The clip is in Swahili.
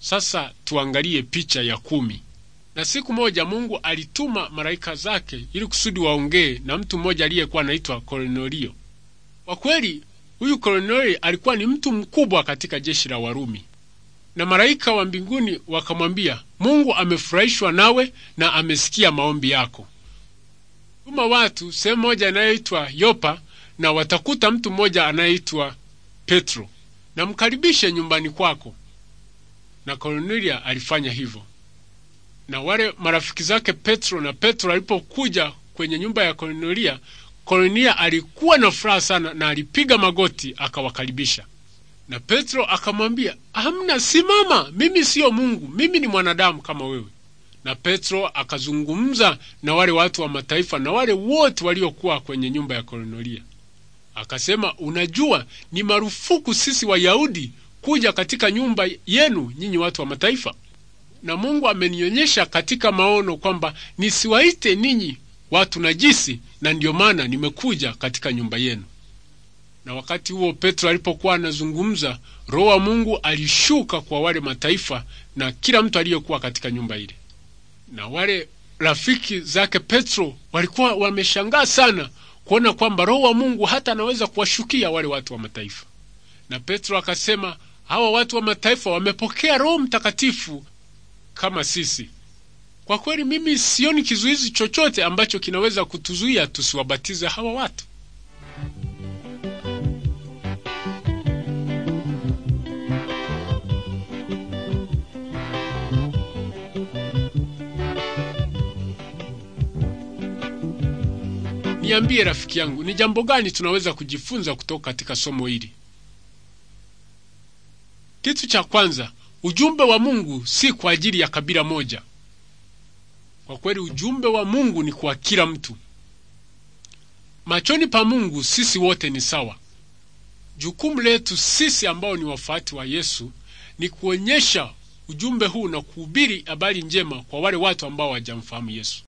Sasa tuangalie picha ya kumi. Na siku moja Mungu alituma malaika zake ili kusudi waongee na mtu mmoja aliyekuwa anaitwa Kornelio. Kwa kweli huyu Kornelio alikuwa ni mtu mkubwa katika jeshi la Warumi, na malaika wa mbinguni wakamwambia, Mungu amefurahishwa nawe na amesikia maombi yako, tuma watu sehemu moja inayoitwa Yopa na watakuta mtu mmoja anayeitwa Petro, na mkaribishe nyumbani kwako na Kornelia alifanya hivyo. Na wale marafiki zake Petro na Petro alipokuja kwenye nyumba ya Kornelia, Kornelia alikuwa na furaha sana na alipiga magoti akawakaribisha. Na Petro akamwambia, "Hamna, simama, mimi siyo Mungu, mimi ni mwanadamu kama wewe." Na Petro akazungumza na wale watu wa mataifa na wale wote waliokuwa kwenye nyumba ya Kornelia. Akasema, "Unajua, ni marufuku sisi Wayahudi kuja katika nyumba yenu, nyinyi watu wa mataifa. Na Mungu amenionyesha katika maono kwamba nisiwaite ninyi watu najisi, na ndiyo maana nimekuja katika nyumba yenu. Na wakati huo Petro alipokuwa anazungumza, Roho wa Mungu alishuka kwa wale mataifa na kila mtu aliyekuwa katika nyumba ile, na wale rafiki zake Petro walikuwa wameshangaa sana kuona kwamba Roho wa Mungu hata anaweza kuwashukia wale watu wa mataifa. Na Petro akasema, hawa watu wa mataifa wamepokea Roho Mtakatifu kama sisi. Kwa kweli, mimi sioni kizuizi chochote ambacho kinaweza kutuzuia tusiwabatize hawa watu. Niambie rafiki yangu, ni jambo gani tunaweza kujifunza kutoka katika somo hili? Kitu cha kwanza, ujumbe wa Mungu si kwa ajili ya kabila moja. Kwa kweli, ujumbe wa Mungu ni kwa kila mtu. Machoni pa Mungu sisi wote ni sawa. Jukumu letu sisi ambao ni wafuati wa Yesu ni kuonyesha ujumbe huu na kuhubiri habari njema kwa wale watu ambao hawajamfahamu Yesu.